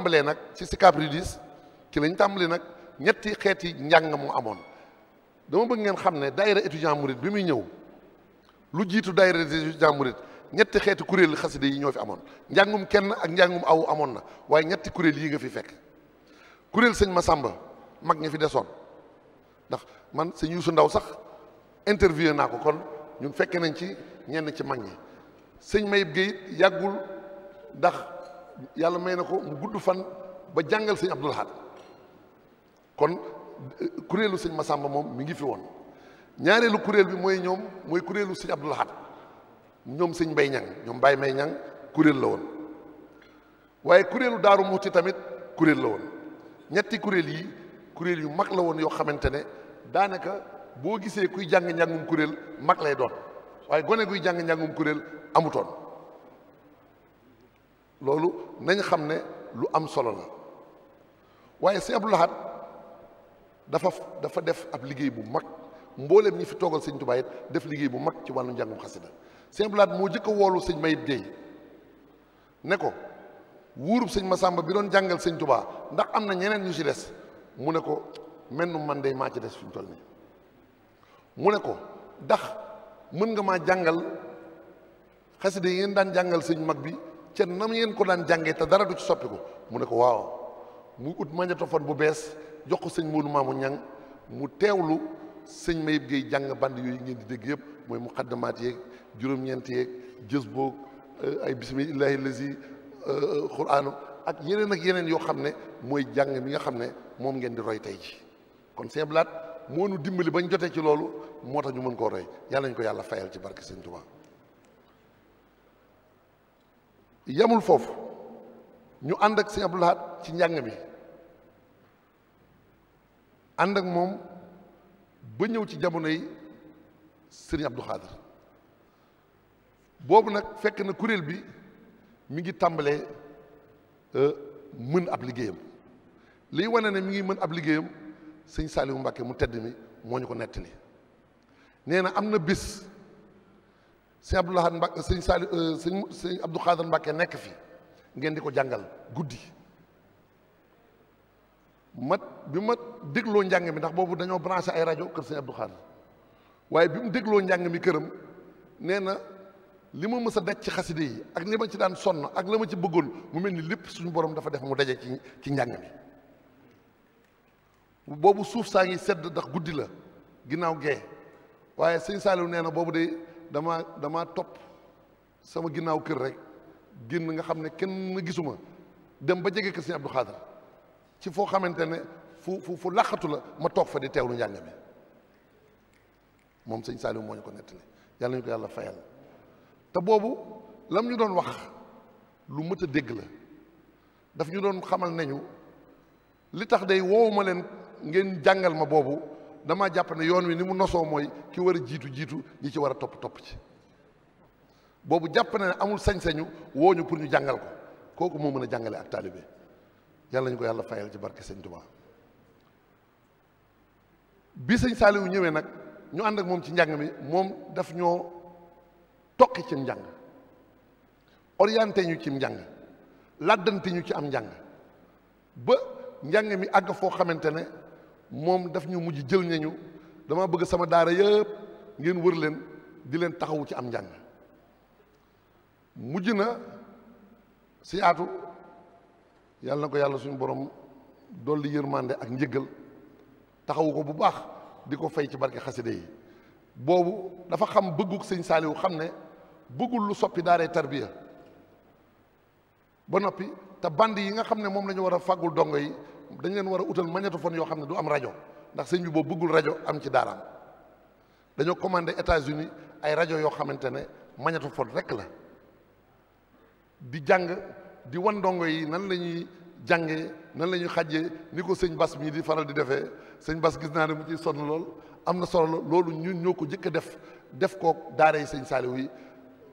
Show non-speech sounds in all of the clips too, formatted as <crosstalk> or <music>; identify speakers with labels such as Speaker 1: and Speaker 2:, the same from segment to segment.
Speaker 1: tàmbalee nag ci Sicap Ridis ci lañ tàmbalee nag ñetti xeeti njàng mu amoon dama bëgg ngeen xam ne daayira étudiant murid bi muy ñëw lu jiitu daayira étudiant murid ñetti xeeti kuréel xaside yi ñoo fi amoon njàngum kenn ak njàngum aw amoon na waaye ñetti kuréel yi nga fi fekk kuréel sëñ sàmba mag ñi fi desoon ndax man sëñ Youssou Ndaw sax interviewé naa ko kon ñu fekke nañ ci ñenn ci mag ñi sëñ may Guèye yàggul ndax yàlla may na ko mu gudd fan ba jàngal sëñ Abdul Ahad kon eh, kuréelu sëñ Masamba moom mi ngi fi woon ñaareelu kuréel bi mooy ñoom mooy kuréelu sëñ Abdul Ahad ñoom sëñ Mbay Ñang ñoom Baay May Ñang kuréel la woon waaye kuréelu Daaru Muxti tamit kuréel la woon ñetti kuréel yi kuréel yu mag la woon yoo xamante ne daanaka boo gisee kuy jàng njàngum kuréel mag lay doon waaye gone guy jàng njàngum kuréel amutoon loolu nañ xam ne lu am solo la waaye sëñ Abdou Lahad dafa dafa def ab liggéey bu mag mbooleem ñi fi toogal sëñ Tuubaa def liggéey bu mag ci wàllu njàngum xasida sëñ Abdou Lahad moo jëkk woolu sëñ Mayit Géey ne ko wuurub sëñ Masamba bi doon jàngal sëñ Tuubaa ndax am na ñeneen ñu ci des mu ne ko nu man dey maa ci des fi mu toll nii mu ne ko ndax mën nga maa jàngal xasida yi ngeen daan jàngal sëñ mag bi ca nam ngeen ko daan jàngee te dara du ci soppiku mu ne ko waaw mu ut magnétophone bu bees jox ko sëñ Moodu Maamu Ñang mu teewlu sëñ Mayib Gueye jàng band yooyu ngeen di dégg yëpp mooy muqaddamaat yeeg juróom-ñeent yeeg jës boog euh, ay bismillahi lazi euh, quraanu ak yeneen ak yeneen yoo xam ne mooy jàng mi nga xam ne moom ngeen di roy tey ji kon sëñ Blaat moo nu dimbali bañ jotee ci loolu moo tax ñu mën koo roy yàlla ñu ko yàlla fayal ci barke sëñ Tuubaa yamul foofu ñu ànd ak sëñ Abdou Lahad ci njàng mi ànd ak moom ba ñëw ci jamono yi sëriñ Abdou Khadr boobu nag fekk na kuréel bi mi ngi tàmbalee euh, mën ab liggéeyam liy wane ne mi ngi mën ab liggéeyam sëñ Saliou Mbacke mu tedd mi moo ñu ko nettali nee na am na bis sëñ Abdou Lahad Mbacké sëñ Saali sëñ euh, sëñ Abdou Khadre Mbacké nekk fi ngeen di ko jàngal guddi mat bi ma dégloo njàng mi ndax boobu dañoo branché ay rajo kër sëñ Abdou Khadre waaye bi mu dégloo njàng mi këram nee na li ma mës a daj ci xaside yi ak ni ma ci daan sonn ak la ma ci bëggoon mu mel ni lépp suñu boroom dafa def mu daje ci ci njàng mi boobu suuf saa ngi sedd ndax guddi la ginnaaw gee waaye sëñ Saaliw nee na boobu de dama dama topp sama ginnaaw kër rek génn nga xam ne kenn gisuma dem ba jege kër sëñ Abdou Khadre ci foo xamante ne fu fu fu laqatu la ma toog fa di teewlu njàng bi moom sëñ Saliou moo ñu ko nettali yàlla ñu ko yàlla fayal te boobu lam ñu doon wax lu mët a dégg la daf ñu doon xamal nañu li tax day woowu ma leen ngeen jàngal ma boobu damaa jàpp ne yoon wi ni mu nosoo mooy ki war a jiitu jiitu ñi ci war a topp topp ci boobu jàpp na ne amul sañ-sañu wooñu pour ñu jàngal ko kooku moo mën a jàngale ak taalibe yàlla ñu ko yàlla fayal ci barke sëñ Tuubaa bi sëñ Saaliwu ñëwee nag ñu ànd ak moom ci njàng mi moom daf ñoo tokki ci njàng orienté ñu ci njàng làddante ñu ci am njàng ba njàng mi àgg foo xamante ne moom daf ñu mujj jël nañu dama bëgg sama daara yëpp ngeen wër leen di leen taxawu ci am njàng mujj na si aatu yàlla na ko yàlla suñu borom dolli yërmande ak njëggal taxawu ko bu baax di ko fay ci barke xaside yi boobu dafa xam bëgguk sëñ saaliwu xam ne bëggul lu soppi daaree tarbiya ba noppi te band yi nga xam ne moom la war a fàggul dongo yi dañ leen war a utal magnétophone yoo xam ne du am rajo ndax sëñ bi boobu bëggul rajo am ci daaraam dañoo commandé états uni ay rajo yoo xamante ne magnétophone rek la di jàng di wan ndongo yi nan la ñuy jàngee nan la ñuy xàjjee ni ko sëñ Bas mii di faral di defee sëñ Bas gis naa ne mu ciy sonn lool am na solo loolu ñun ñoo ko jëkk a def def ko daara yi sëñ Saaliw yi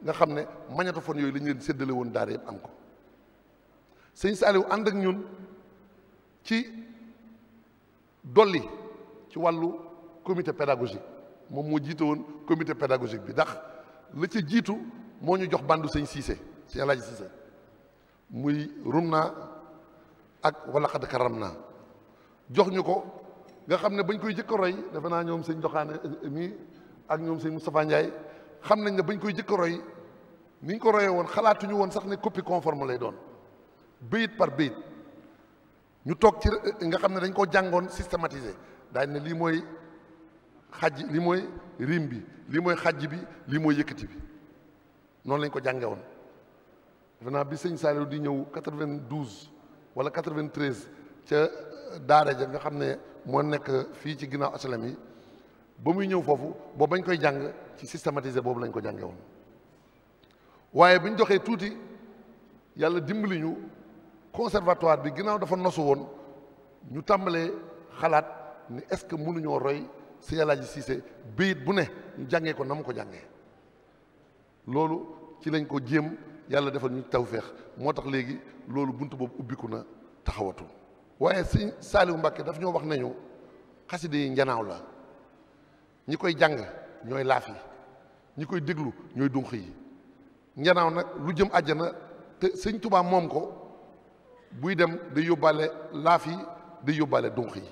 Speaker 1: nga xam ne magnétophone yooyu la leen séddale woon daara yëpp am ko sëñ Saaliw ànd ak ñun. ci dolli ci wàllu comité pédagogique moom moo jiite woon comité pédagogique bi ndax la ca jiitu moo ñu jox bandu sëñ Cissé sëñ Alaaji Cissé muy rum naa ak wala xad karam naa jox ñu ko nga xam ne bañ koy jëkk a roy defe naa ñoom sëñ Joxaane eh, mi ak ñoom sëñ Moustapha Ndiaye xam nañ ne bañ koy jëkk a roy ko royee woon xalaatuñu woon sax ne copie conforme lay doon béyit par béyit ñu toog ci nga xam ne dañ koo jàngoon systématisé daañu ne lii mooy xaj lii mooy rim bi lii mooy xaj bi lii mooy yëkkati bi noonu lañ ko jànge woon defe bi sëñ Saliou di ñëw 92 wala 93 ca euh, daara nga xam ne moo nekk fii ci ginnaaw asalem ba muy ñëw foofu boobu bañ koy jàng ci systématisé boobu lañ ko jànge woon waaye bu ñu doxee tuuti yàlla dimbali ñu conservatoire bi ginnaaw dafa nosu woon ñu tàmbalee xalaat ni est-ce que mënuñoo roy si El Hadji Cissé béyit bu ne ñu jàngee ko na ko jànge loolu ci lañ ko jéem yàlla defal ñu tawféex moo tax léegi loolu bunt boobu ubbiku na taxawatu waaye si Saliou Mbacké daf ñoo wax nañu xaside yi njanaaw la ñi koy jàng ñooy laaf yi ñi koy déglu ñooy dunq yi njanaaw nag lu jëm àjjana te sëñ Tuubaa moom ko buy dem di yóbbaale laaf yi di yóbbaale dunq yi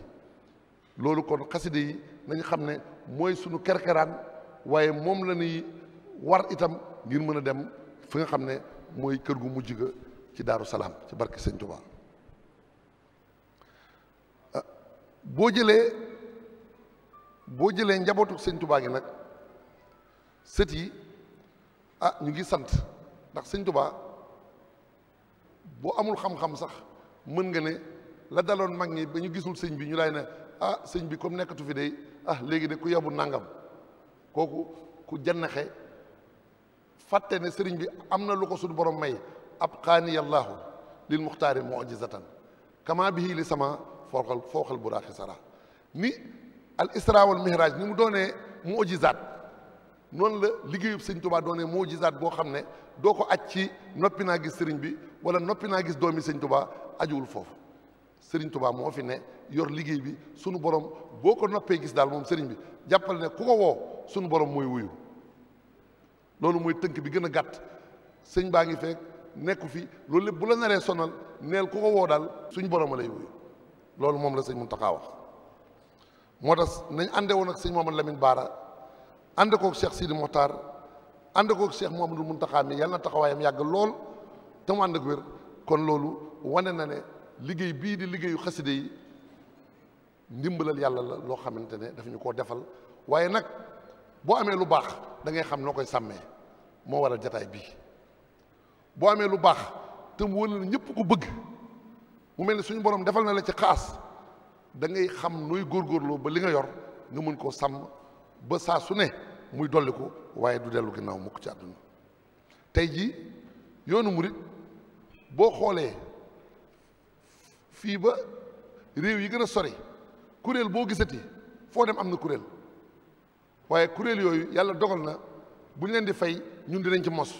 Speaker 1: loolu kon xaside yi nañ xam ne mooy sunu kerkeraan waaye moom la ñuy war itam ngir mën a dem fi nga xam ne mooy kër gu mu ga ci daaru salaam ci barke sëñ Tuubaa ah, boo jëlee boo jëlee njabootu sëñ Tuubaa gi nag sët yi ah ñu ngi sant ndax sëñ Tuubaa boo amul xam-xam sax mën nga ne la daloon mag ñi ba ñu gisul sëñ bi ñu lay na ah sëñ bi comme nekkatu fi day ah léegi de ku yabu nangam kooku ku jannaxe fàtte ne sëriñ bi am na lu ko suñu borom may ab qaaniyallaahu lil muxtaari mujizatan kama bi li sama fooxal fooxal buraaxi sara ni al isra wal mihraj ni mu doonee mujizaat noonu la liggéeyub sëñ tubaa doonee moo jisaat boo xam ne doo ko aj ci noppi naa gis sëriñ bi wala noppi naa gis doomi sëñ tubaa ajuwul foofu sëriñ tubaa moo fi ne yor liggéey bi suñu borom boo ko noppee gis daal moom sëriñ bi jàppal ne ku ko woo suñu borom mooy wuyu loolu mooy tënk bi gën a gàtt sëñ baa ngi fekk nekku fi loolu lépp bu la naree sonal neel ku woo daal borom a lay loolu moom la sëñ Muntaxa wax moo tax nañ àndee woon ak sëñ Mamadou Lamine Baara ànd koog Cheikh Sidi Mokhtar ànd koog Cheikh mun Mountakha mi yàlla na taxawaayam yàgg lool te mu ànd ak wér kon loolu wane na ne liggéey bii di liggéeyu xaside yi ndimbalal yàlla la loo xamante ne daf ñu koo defal waaye nag boo amee lu baax dangay xam noo koy sàmmee moo waral jataay bii boo amee lu baax te mu wëla na ñëpp ko bëgg mu mel ni suñu borom defal na la ci xaas dangay ngay xam nooy góorgóorloo ba li nga yor nga mën koo sàmm ba saa su ne muy ko waaye du dellu ginnaaw mukk ci àdduna tey jii yoonu murit boo xoolee fii ba réew yi gën a sori kuréel boo gisati foo dem am na kuréel waaye kuréel yooyu yàlla dogal na bu ñu leen di fay ñun dinañ ci mos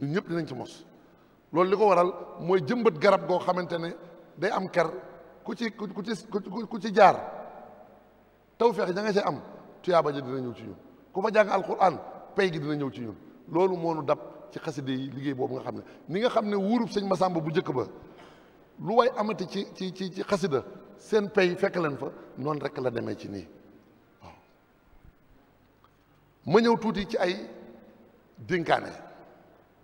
Speaker 1: ñun ñëpp dinañ ci mos loolu li ko waral mooy jëmbat garab goo xamante ne day am ker ku ci ku ci ku ci jaar taw feex da nga ci am tuyaaba ji dina ñëw ci ñun ku fa jàng alquran pay gi dina ñëw ci ñun loolu moo nu dab ci xaside yi liggéey boobu nga xam ne ni nga xam ne wuurub sëñ Masamba bu njëkk ba lu way amati ci ci ci ci xasida seen pay fekk leen fa noonu rekk la demee ci nii ma ñëw tuuti ci ay dénkaane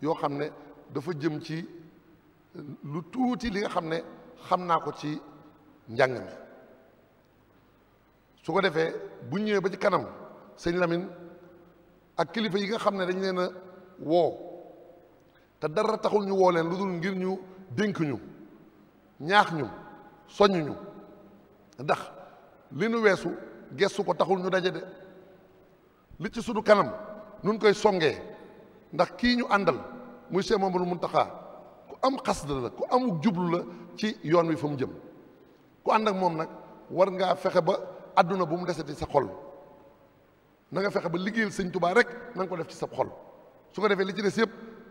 Speaker 1: yoo xam ne dafa jëm ci lu tuuti li nga xam ne xam naa ko ci njàng mi su defee bu ñëwee ba ci kanam sëñ Lamine ak kilifa yi nga xam ne dañ leen a woo te dara taxul ñu woo leen lu dul ngir ñu dénk ñu ñaax ñu soññ ñu ndax li nu weesu gestu ko taxul ñu daje de li ci sunu kanam nun koy songee ndax kii ñu àndal muy Cheikh Mamadou Muntaxa ku am xasda la ku amuk jublu la ci yoon wi fa mu jëm ku ànd ak moom nag war ngaa fexe ba àdduna bu mu desati sa xol na nga fexe ba liggéeyal sëñ tubaa rek na ko def ci sa xol su ko defee li ci des yëpp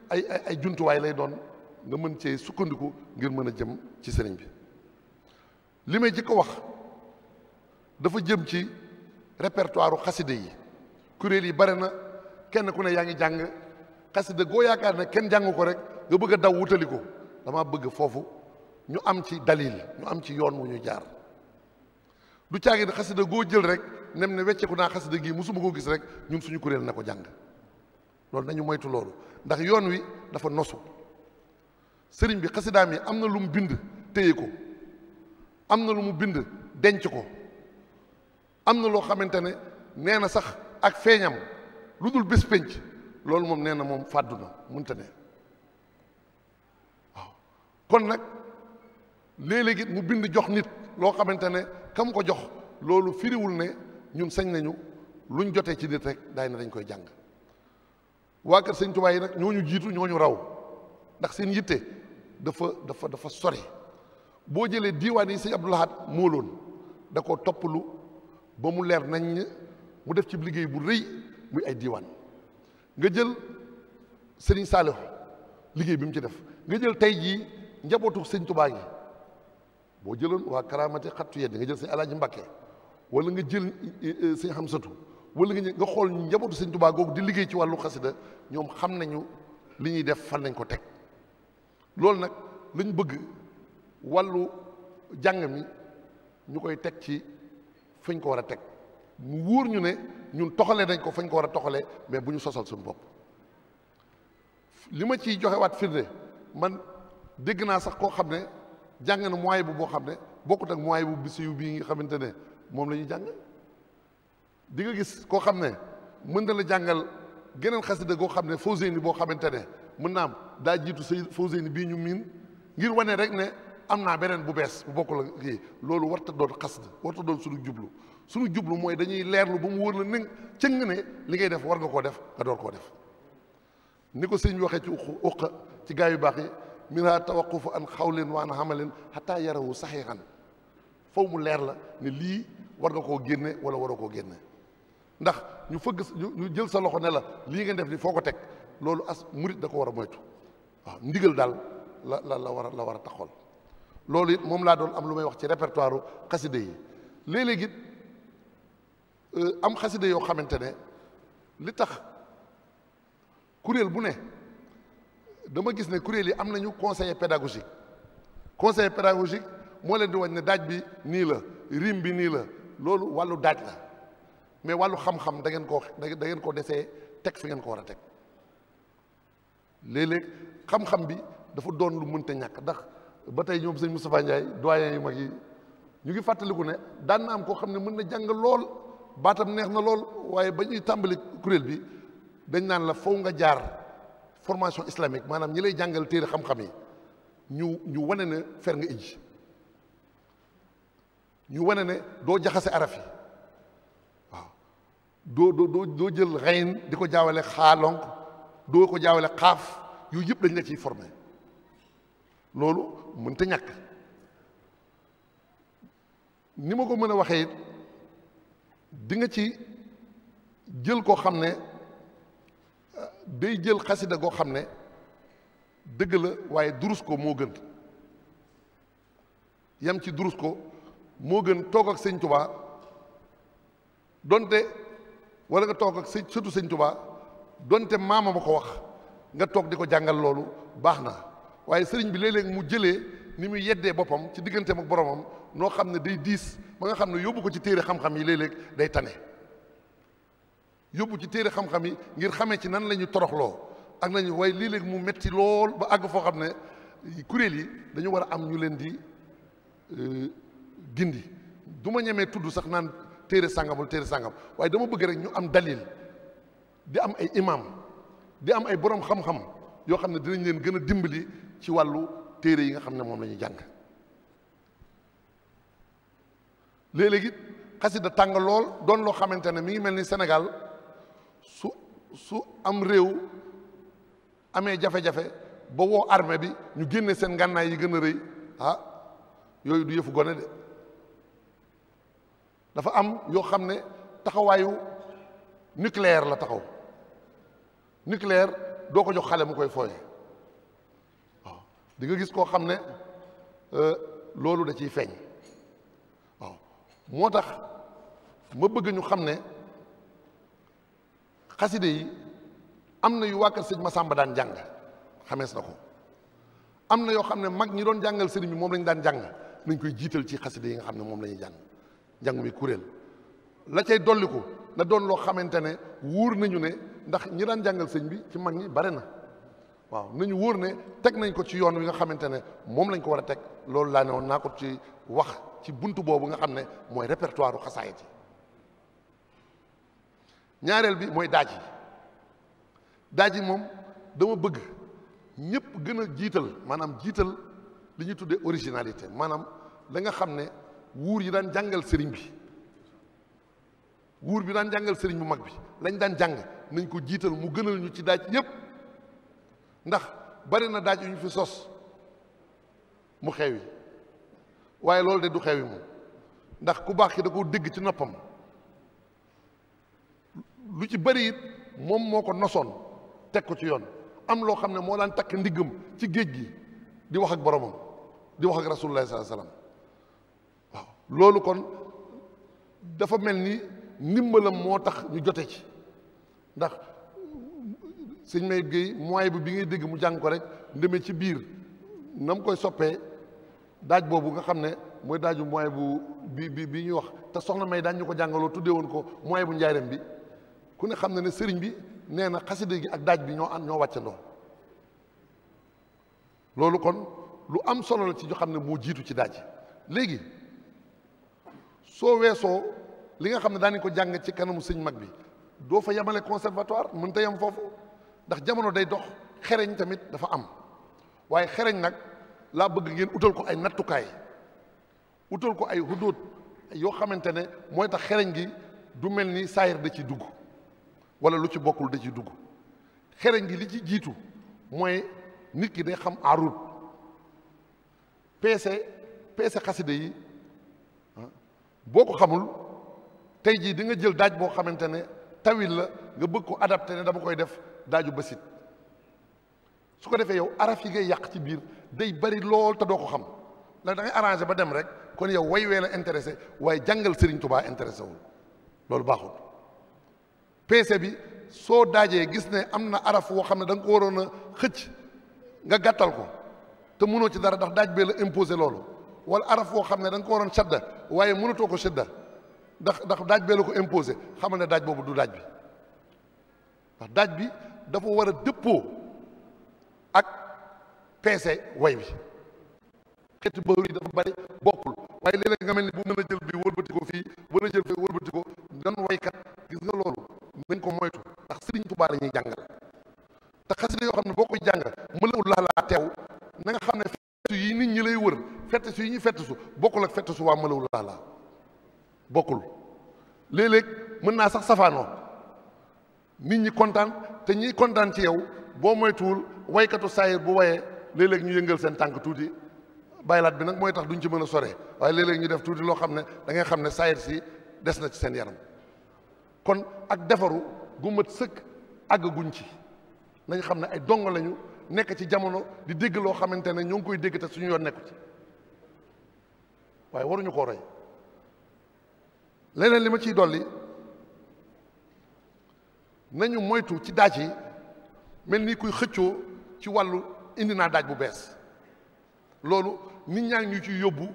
Speaker 1: ay ay jumtuwaay lay doon nga mën cee sukkandiku ngir mën a jëm ci sëriñ bi li may jëkk a wax dafa jëm ci répertoire xaside yi kuréel yi bare na kenn ku ne yaa ngi jàng xaside goo yaakaar ne kenn jàngu ko rek nga bëgg a daw wutali ko dama bëgg foofu ñu am ci dalil ñu am ci yoon wu ñu jaar du caagi ne xasida goo jël rek nem ne wecceeku naa xasida gii suma koo gis rek ñun suñu kuréel na ko jàng loolu nañu moytu loolu ndax yoon wi dafa nosu sëriñ bi xasidaam yi am na lu mu bind téye ko am na lu mu bind denc ko am na loo xamante ne nee na sax ak feeñam lu dul bés pénc loolu moom nee na moom fàddu na munte ne kon nag léeg-léegi mu bind jox nit loo xamante ne kam ko jox loolu firiwul ne ñun sañ nañu luñ jotee ci nit rek daay na dañ koy jàng waa kër sëñ Tuubaa yi nag ñooñu jiitu ñooñu raw ndax seen yitte dafa dafa dafa sori boo jëlee diiwaan yi sëñ Abdou Lahad mooloon da koo toppalu ba mu leer nañ mu def ci liggéey bu rëy muy ay diiwaan nga jël sëriñ Saliou liggéey bi mu ci def nga jël tey jii njabootu sëñ Tuubaa gi boo jëloon waa karaamate xattu yedd nga jël sëñ alaaj Mbàkke walla nga jël eh, eh, sëñ Xamsatu wala nga nga xool njabootu sëñ Tuubaa googu di liggéey ci wàllu xasida ñoom xam nañu li ñuy def fan nañ ko teg loolu nag lañ bëgg wallu jàng mi ñu koy teg ci fañ ko war a teg mu wóor ñu ne ñun toxalee nañ ko fañ ko war a toxalee mais bu ñu sosal suñu bopp li ma ciy joxe waat firnde man dégg naa sax koo xam ne jàng na mooy bu boo xam ne bokkut ak mooy bu siw bii nga xamante ne moom la ñuy jàng di nga gis koo xam ne mën na la jàngal geneen xasida goo xam ne Fawzeyni boo xamante ne mën na am daa jiitu say Fawzeyni bii ñu miin ngir wane rek ne am naa beneen bu bees bu bokkul ak kii loolu warta doon xasida warta doon suñu jublu suñu jublu mooy dañuy leerlu ba mu wóor la ne cëng ne li ngay def war nga koo def nga door koo def ni ko sëñ bi waxee ci uq uq ci gaa yu baax minha tawaqufu an xawlin wa an amalin xataa yarawu saxiixan faw mu leer la ne lii war nga koo génne wala waroo koo génne ndax ñu fëgg ñu jël sa loxo ne la lii nga def ni foo ko teg loolu as murit da ko war a moytu waaw ndigal daal la la la war a la war a taxool loolu it moom laa doon am lu may wax ci répertoire xaside yi léegi léeg euh, am xaside yoo xamante ne li tax kuréel bu ne dama gis ne kuréel yi am nañu conseiller pédagogique conseiller pédagogique moo leen di wañ ne daaj bi nii la rim bi nii la loolu wàllu daaj la mais wàllu xam-xam da koo da ngeen ko desee teg fi ngeen ko war a teg léeg-léeg xam-xam bi dafa doon lu mënta ñàkk ndax ba tey ñoom sëñ Moustapha Ndiaye doyen yi mag yi ñu ngi fàttaliku ne daan na am koo xam ne mën na jàng lool baatam neex na lool waaye ba ñuy tàmbali kuréel bi dañ naan la faw nga jaar formation islamique maanaam ñi lay jàngal téere xam-xam yi ñu ñu wane ne fer nga ij ñu wane ne doo jaxase araf yi waaw doo doo doo jël xayn di ko jaawale xaalonk doo ko jaawale xaaf yooyu yëpp dañ la ciy formé loolu mënta ñàkk ni ma ko mën a waxee di nga ci jël koo xam ne day jël xasida goo xam ne dëgg la waaye durus ko moo gën yam ci durus ko moo gën toog ak sëñ tubaa donte wala nga toog ak sëñ surtout sëñ tubaa donte maama ma ko wax nga toog di ko jàngal loolu baax na waaye sëriñ bi léeg-léeg mu jëlee ni mu yeddee boppam ci diggante ak boromam noo xam ne day diis ba nga xam ne yóbbu ko ci téere xam-xam yi léeg-léeg day tane yóbbu ci téere xam-xam yi ngir xamee ci nan la ñu toroxloo ak nañu waaye lii léegi mu metti lool ba àgg foo xam ne kuréel yi dañu war a am ñu leen di euh, gindi duma ñemee tudd sax naan téere sàngamul téere sàngam waaye dama bëgg rek ñu am dalil di am ay imam di am ay borom xam-xam yoo xam ne dinañ leen gën a dimbali ci wàllu téere yi nga xam ne moom la ñuy jàng léeg-léegi xasida tàng lool doon loo xamante ne mi ngi mel ni Sénégal su am réew amee jafe-jafe ba woo armée bi ñu génne seen ngànnaay yi gën a rëy ah yooyu du yëfu gone de dafa am yoo xam ne taxawaayu nucléaire la taxaw nucléaire doo ko jox xale mu koy fooye waaw di nga gis koo xam ne euh, loolu da ciy feeñ moo tax ma bëgg ñu xam ne xaside am na yu waa kër sëñ Masamba daan jàng xamees na ko am na yoo xam ne mag ñi doon jàngal sëriñ bi moom lañu daan jàng nañ koy jiital ci xaside yi nga xam ne moom la ñuy jàng njàng mi kuréel la cay dolliku na doon loo xamante ne wóor nañu ne ndax ñi jàngal sëñ bi ci mag ñi bare na waaw nañu wóor ne teg nañ ko ci yoon wi nga xamante ne moom lañ ko war a teg loolu laa ne naa ko ci wax ci buntu boobu nga xam ne mooy répertoire u xasaayit ñaareel bi mooy daaj yi daaj yi moom dama bëgg ñëpp gën a jiital maanaam jiital li ñuy tuddee originalité maanaam la nga xam ne wuur yi daan jàngal sëriñ bi wuur bi daan jàngal sëriñ bu mag bi lañ daan jàng nañ ko jiital mu gënal ñu ci daaj yépp ndax bari na daaj yu ñu fi sos mu xew yi waaye loolu de du xew yi moom ndax ku baax ki da koo dégg ci noppam lu ci bari it moom moo ko nosoon teg ko ci yoon am loo xam ne moo daan takk ndiggam ci géej gi di wax ak boromam di wax ak rasulullah sallallahu alayhi wasallam waaw loolu kon dafa mel ni ndimbalam moo tax ñu jote ci ndax sëñ may géey mooy bu bi ngay dégg mu jàng ko rek ndeme ci biir na mu koy soppee daaj boobu nga xam ne mooy daaju mooy bu bi bi bi ñuy wax te soxna may daañ ñu ko jàngaloo tuddee woon ko mooy bu njaareem bi ku ne xam na ne sëriñ bi nee na xasida gi ak daaj bi ñoo am ñoo wàccandoo loolu kon lu am solo la ci ñu xam ne moo jiitu ci daaj léegi soo weesoo li nga xam ne daanañ ko jàng ci kanamu sëñ mag bi doo fa yemale conservatoire mën ta yem foofu ndax jamono day dox xereñ tamit dafa am waaye xereñ nag laa bëgg ngeen utal ko ay nattukaay utal ko ay hudóot yoo xamante ne mooy tax xereñ gi du mel ni saayir da ci dugg wala lu ci bokkul da ci dugg xereñ gi li ci jiitu mooy nit ki day xam arut peese peese xasida yi ah, boo ko xamul tey jii di nga jël daaj boo xamante ne tawil la nga bëgg ko adapté ne dama koy def daaju basit su ko defee yow araf yi ngay yàq ci biir day bari lool te doo ko xam la da ngay arrangé ba dem rek kon yow way wee la intéressé waaye jàngal Serigne Touba intéressé wul loolu baaxul peese bi soo daajee gis ne am na araf woo xam ne da ko waroon a xëcc nga gàttal ko te mënoo ci dara ndax daaj bee la imposé loolu wala araf woo xam ne da ko waroon sadda waaye mënatoo ko shadda ndax ndax daaj bee la ko imposé xamal ne daaj boobu du daaj bi ndax daaj bi dafa war a dëppoo ak peese way bi xeeti bëru yi dafa bari bokkul waaye léeg-léeg nga mel ni bu mën a jël bi wëlbati ko fii mën a jël fii wëlbati ko gan waykat gis nga loolu nañ ko moytu ndax sëriñ Tuubaa la ñuy jàngal te xasida yoo xam ne boo koy jàng mën la laa teew na nga xam ne fettu yi nit ñi lay wër fett su yi ñuy fett su bokkul ak fett su waa mëlawu laa bokkul léeg mën naa sax safaanoo nit ñi kontaan te ñiy kontaan ci yow boo moytuwul waykatu saayir bu wayee léeg ñu yëngal seen tànk tuuti baylaat bi nag mooy tax duñ ci mën a sore waaye léeg-léeg ñu def tuuti loo xam ne dangay xam ne saayir si des na ci seen yaram kon ak defaru gu mat sëkk àggaguñ ci nañ xam ne ay dongo lañu nekk ci jamono di dégg loo xamante ne ñoo ngi koy dégg suñu yoon nekku ci waaye waruñu koo roy leneen li ma ciy dolli nañu moytu ci daaj yi mel ni kuy xëccoo ci wàllu indi naa daaj bu bees loolu nit ñaa ngi ñu ci yóbbu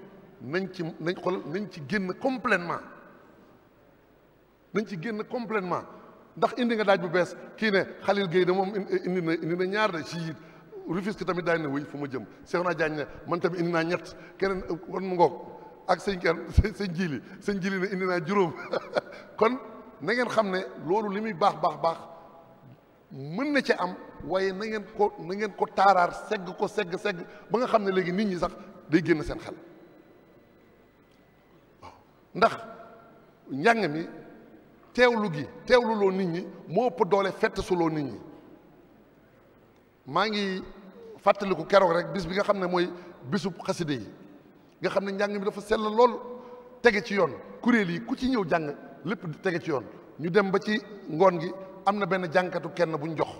Speaker 1: nañ ci nañ xool nañ ci génn complètement nañ ci génn complètement ndax indi nga daaj bu bees kii ne Khalil Gueye de moom indi na indi na ñaar de si it Rufisque tamit daañu fu ma jëm Cheikhouna Diagne ne man tamit indi ñett keneen wan mu ngoog ak sëñ ker sëñ jili sëñ jili ne indi naa juróom <laughs> na ngeen xam ne loolu li muy baax baax baax mën na ci am waaye na ngeen ko na ngeen ko taaraar segg ko segg segg ba xam ne léegi nit ñi sax day génn seen xel ndax njàng mi teewlu gi teewlu loo nit ñi moo ëpp doole fett su loo nit ñi maa ngi fàttaliku keroog rek bis bi nga xam ne mooy bisu xaside yi nga xam ne njàng mi dafa sell lool tege ci yoon kuréel yi ku ci ñëw jàng lépp tege ci yoon ñu dem ba ci ngoon gi am na benn jànkatu kenn bu ñu jox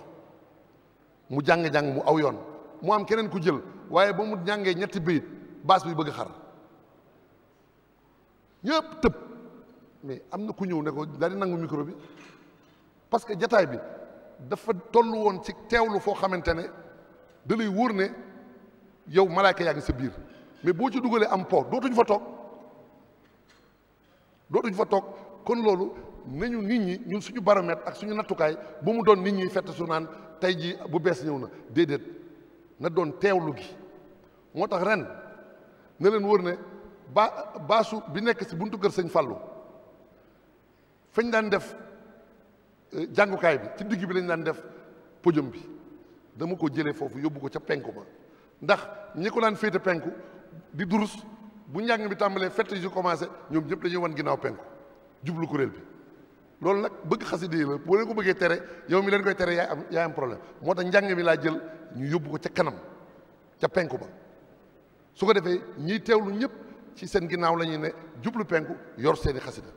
Speaker 1: mu jàng-jàng mu aw yoon mu am keneen ku jël waaye ba mu jàngee ñetti bayit baas bi bëgg xar ñëpp tëb mais am na ku ñëw ne ko daal di nangu micro bi parce que jataay bi dafa toll woon ci teewlu foo xamante ne da lay wóor ne yow malaaka yaa ngi sa biir mais boo ci dugalee am po dootuñu fa toog dootuñ fa toog kon loolu nañu nit ñi ñun suñu baromètre ak suñu nattukaay bu mu doon nit ñi fett su naan tey jii bu bees ñëw na déedéet na doon teewlu gi moo tax ren na leen wóor ne ba baasu bi nekk si buntu kër sëñ fallu fañ daan def euh, jàngukaay bi ci digg bi lañ daan def podium bi dama ko jëlee foofu yóbbu ko ca penku ba ndax ñi ko daan féete penku di durus bu njàng bi tàmbalee fett yi commencé ñoom ñëpp dañuy wan ginnaaw penku jublu kuréel bi loolu nag bëgg xasida yi la boo leen ko bëggee tere yow mi leen koy tere yaay am yaay am problème moo tax njàng mi laa jël ñu yóbbu ko ca kanam ca penku ba su ko defee ñiy teewlu ñëpp ci seen ginnaaw la ne jublu penku yor seeni xasida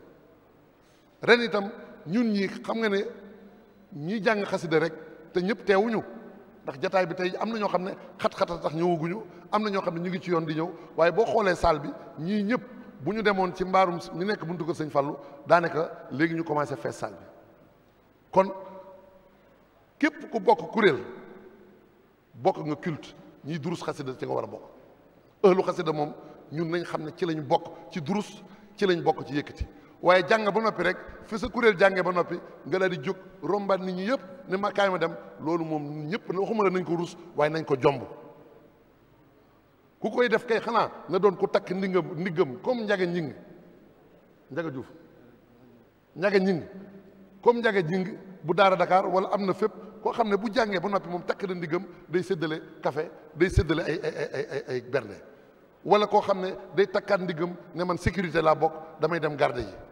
Speaker 1: ren itam ñun ñii xam nga ne ñi jàng xasida rek te ñëpp teewuñu ndax jataay bi tey am na ñoo xam ne xat-xata tax ñëwaguñu am na ñoo xam ne ñu ngi ci yoon di ñëw waaye boo xoolee salle bi ñii ñëpp bu ñu demoon ci mbaarum ñu nekk buntu ko sëñ Fallou daanaka léegi ñu commencé fees salle bi kon képp ku bokk kuréel bokk nga culte ñiy durus xasida ci nga war a bokk ëllu xasida moom ñun nañ xam ne ci lañ bokk ci durus ci lañ bokk ci yëkkati waaye jàng ba noppi rek fi sa kuréel jàngee ba noppi nga la jóg rombaat nit ñi yëpp ne ma kaay ma dem loolu moom ñëpp waxuma la nañ ko rus waaye nañ ko jomb ku koy def kay xanaa na doon ku takk ndigam ndiggam comme njaga ñing njaga juuf njaga ñing comme njaga ñing bu daara Dakar wala am na fépp koo xam ne bu jàngee ba noppi moom takk na ndiggam day séddale café day séddale ay ay ay ay koo xam ne day takkaat ndiggam ne man sécurité laa bokk damay dem garde yi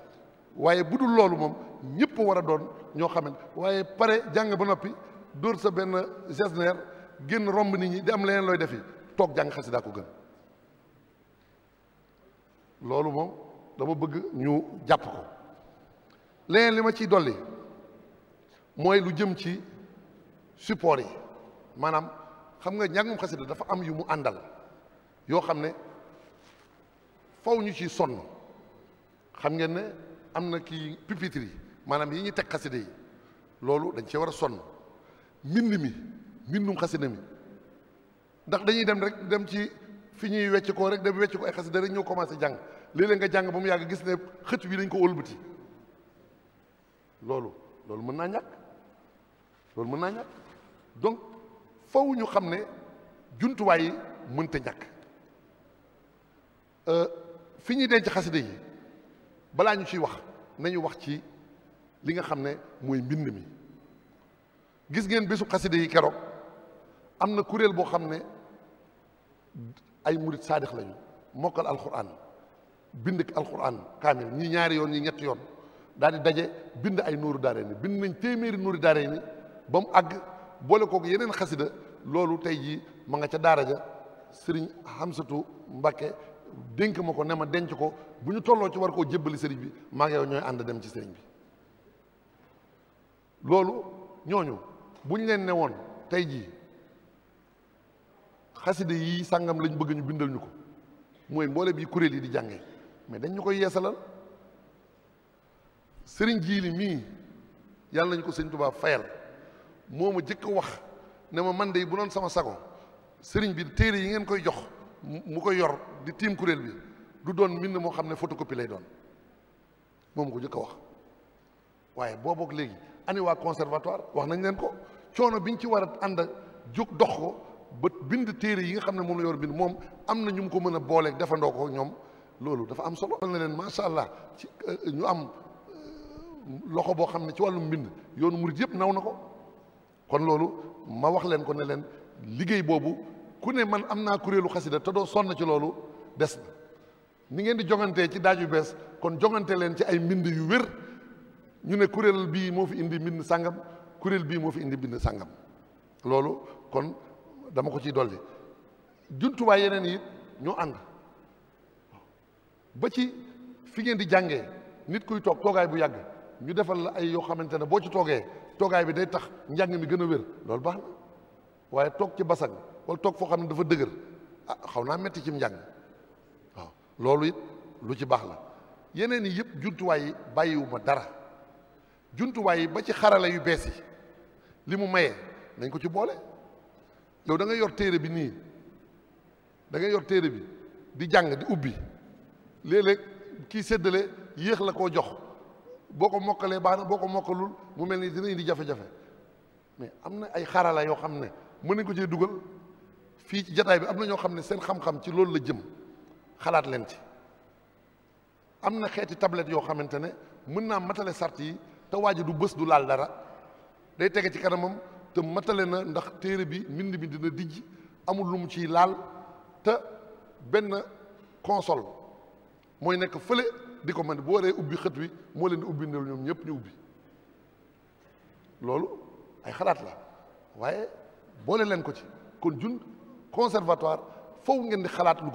Speaker 1: waaye bu dul loolu moom ñëpp war a doon ñoo xamante waaye pare jàng ba noppi dóor sa benn gestionnaire génn romb nit ñi di am leneen looy defi toog jàng xasida ko gën loolu moom dama bëgg ñu jàpp ko leneen li ma ciy dolli mooy lu jëm ci support yi maanaam xam nga njàngum xasida dafa am yu mu àndal yoo xam ne faw ñu ci sonn xam ngeen ne am na kii pupitre yi maanaam yi ñuy teg xasida yi loolu dañ cee war a sonn mbind mi mbindum xasida mi ndax dañuy dem rek dem ci fi ñuy wecc koo rek dem wecc ko ay xasida rek ñoo commencé jàng léeg nga jàng ba mu yàgg gis ne xët wi dañ ko wëlbati loolu loolu mën naa ñàkk loolu mën naa ñàkk donc faw ñu xam ne juntuwaay yi mënta ñàkk euh, fi ñuy denc xasida yi balaa ñu ciy wax nañu wax ci li nga xam ne mooy mbind mi gis ngeen bésu xaside yi keroog am na kuréel boo xam ne ay murit saadix lañu mokkal alquran bind alquran kaamil ñii ñaari yoon ñi ñetti yoon daal di daje bind ay nooru daaree ni bind nañ téeméeri nooru daaree ni ba mu àgg boole kook yeneen xasida loolu tey jii ma nga ca daara ja sëriñ xamsatu Mbakke dénk ma ko ne ma denc ko bu ñu tolloo ci war koo jébbali sëriñ bi maa ngi ñooy ànd dem ci sëriñ bi loolu ñooñu bu ñu leen ne woon tey jii xaside yi sàngam lañ bëgg ñu bindal ñu ko mooy mboole bii kuréel yi di jàngee mais dañ ñu koy yeesalal sëriñ jiili mii yàlla nañu ko sëriñ Tuubaa fayal mooma ma jëkk wax ne ma man de bu noon sama sago sëriñ bi téere yi ngeen koy jox mu ko yor di tiim kuréel bi du doon mbind moo xam ne photocopie lay doon moom ko jëkk a wax waaye boo boog léegi ani waa conservatoire wax nañ leen ko coono bi biñ ci war a ànd jóg dox ko ba bind téere yi nga xam ne moom la yor bind moom am na ñu mu ko mën a booleeg defandoo ko ñoom loolu dafa am solo. na leen macha allah ci euh, ñu am euh, loxo boo xam ne ci wàllum mbind yoonu murid yëpp naw na ko kon loolu ma wax leen ko ne leen liggéey boobu. ku ne man am naa kuréelu xasida te doo sonn ci loolu des na ni ngeen di jongantee ci daaj yu bees kon jongante leen ci ay mbind yu wér ñu ne kuréel bii moo fi indi mbind sàngam kuréel bii moo fi indi mbind sàngam loolu kon dama ko ciy dolli jumtuwaay yeneen yi ñoo ànd ba ci fi ngeen di jàngee nit kuy toog toogaay bu yàgg ñu defal la ay yoo xamante ne boo ci toogee toogaay bi day tax njàng mi gën a wér loolu baax na waaye toog ci basang wala toog foo xam ne dafa dëgër ah xaw naa metti ci njàng waaw loolu it lu ci baax la yeneen yi yëpp jumtuwaay yi bàyyiwuma dara jumtuwaay yi ba ci xarala yu bees yi li mu mayee nañ ko ci boole yow dangay yor téere bi nii dangay yor téere bi di jàng di ubbi léeg-léeg kii séddale yéex la koo jox boo ko mokkalee baana na boo ko mokkalul mu mel ni dina di jafe-jafe mais am na ay xarala yoo xam ne mën nañ ko cee dugal fii ci jataay bi am na ñoo xam ne seen xam-xam ci loolu la jëm xalaat leen ci am na xeeti tablet yoo xamante ne mën naa matale sart yi te waa ji du bës du laal dara day tege ci kanamam te matale na ndax téere bi mbind bi dina dijj amul lu mu ciy laal te benn console mooy nekk fële di ko mën boo waree ubbi xët wi moo leen di ubbi ndel ñoom ñëpp ñu ubbi loolu ay xalaat la waaye boole leen ko ci kon jun conservatoire foofu ngeen di xalaat lu koy